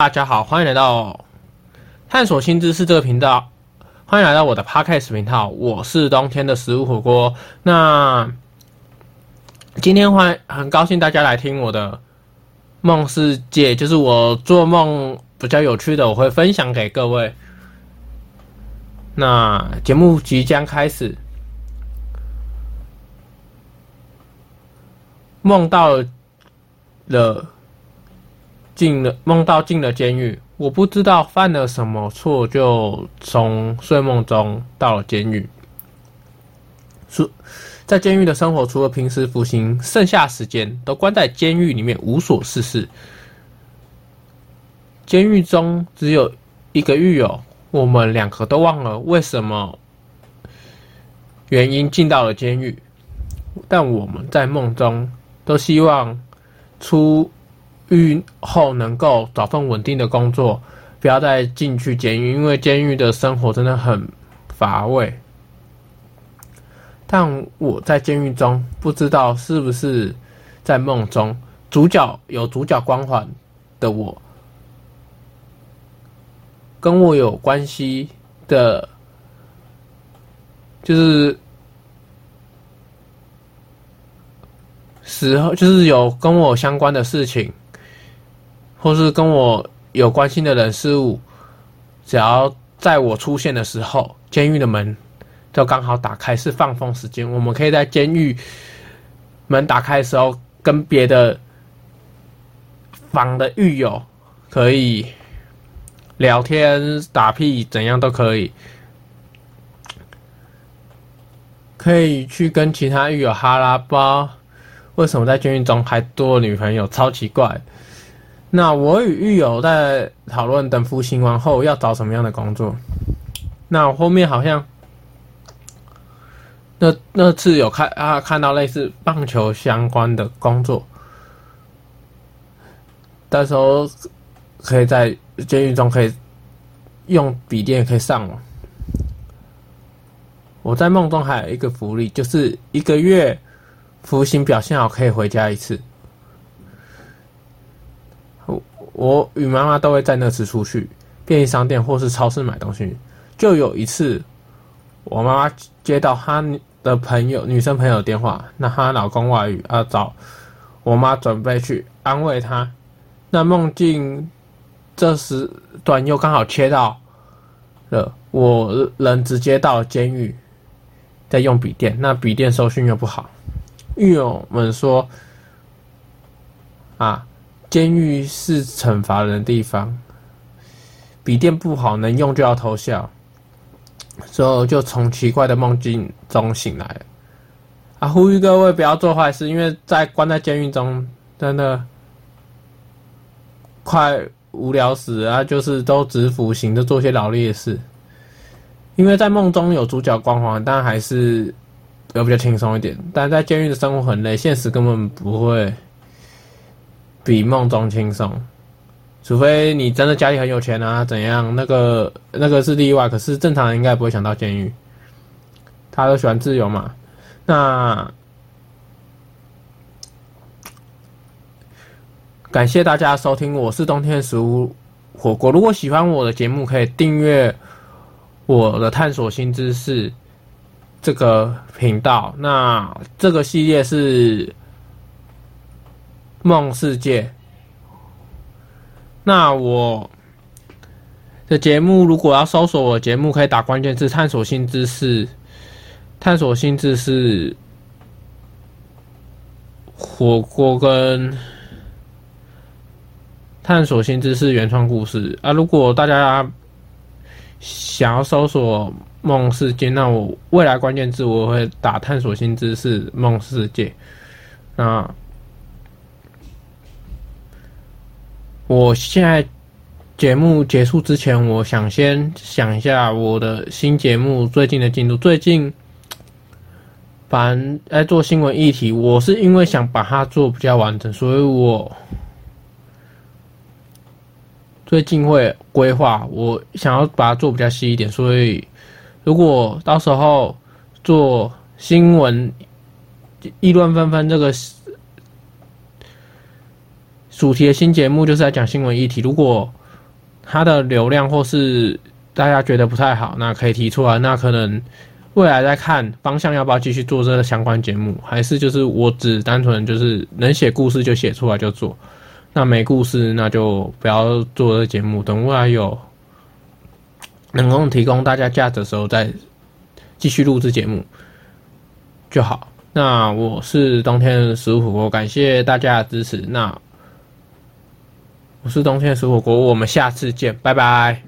大家好，歡迎來到探索新知識這個頻道。歡迎來到我的 Podcast 頻道，我是冬天的食物火鍋。那今天歡很高興大家來聽我的夢世界，就是我做夢比較有趣的，我會分享給各位。那節目即將開始，夢到了。進了夢到進了監獄，我不知道犯了什麼錯，就從睡夢中到了監獄。說在監獄的生活，除了平時服刑，剩下時間都關在監獄裡面無所事事。監獄中只有一個獄友，我們兩個都忘了為什麼原因進到了監獄，但我們在夢中都希望出。獄後能夠找份穩定的工作，不要再進去監獄，因為監獄的生活真的很乏味。但我在監獄中，不知道是不是在夢中，主角有主角光環的我，跟我有關係的，就是時候，就是有跟我相關的事情。或是跟我有關係的人事物，只要在我出現的時候，監獄的門就剛好打開，是放風時間。我們可以在監獄門打開的時候，跟別的房的獄友可以聊天、打屁，怎樣都可以。可以去跟其他獄友哈拉巴。為什麼在監獄中還多女朋友，超奇怪？那我與獄友在討論，等服刑完後要找什麼樣的工作。那我後面好像，那那次有看啊，看到類似棒球相關的工作，到時候可以在監獄中可以用筆電可以上網。我在夢中還有一個福利，就是一個月服刑表現好，可以回家一次。我與媽媽都會在那時出去便利商店或是超市買東西。就有一次，我媽媽接到她的朋友、女生朋友的電話，那她老公外遇，要找我媽準備去安慰她。那夢境這時段又剛好切到了我人直接到了監獄，在用筆電，那筆電收訊又不好，獄友們說啊。監獄是懲罰人的地方。筆電不好，能用就要偷笑。所以我就從奇怪的夢境中醒來了，啊！呼籲各位不要做壞事，因為在關在監獄中，真的快無聊死啊！就是都只服刑的做些勞力的事。因為在夢中有主角光環，但還是有比較輕鬆一點。但在監獄的生活很累，現實根本不會。比夢中輕鬆，除非你真的家裡很有錢啊，怎樣？那個那個是例外，可是正常人應該不會想到監獄。大家都喜歡自由嘛。那感謝大家收聽，我是冬天食物火鍋。如果喜歡我的節目，可以訂閱我的探索新知識這個頻道。那這個系列是。夢世界。那我的節目如果要搜索我節目，可以打關鍵字“探索新知識”。探索新知識，火鍋跟探索新知識原創故事啊！如果大家想要搜索夢世界，那我未來關鍵字我會打“探索新知識夢世界”。那。我現在節目結束之前，我想先想一下我的新節目最近的進度。最近，反在做新聞議題，我是因為想把它做比較完整，所以我最近會規劃，我想要把它做比較細一點。所以，如果到時候做新聞議論紛紛這個。主題的新節目就是在講新聞議題，如果它的流量或是大家覺得不太好，那可以提出來。那可能未來再看方向要不要繼續做這個相關節目，還是就是我只單純就是能寫故事就寫出來就做，那沒故事那就不要做這個節目。等未來有能夠提供大家價值的時候，再繼續錄製節目就好。那我是冬天十五火鍋，我感謝大家的支持。那。我是冬天的食火鍋，我們下次見，拜拜。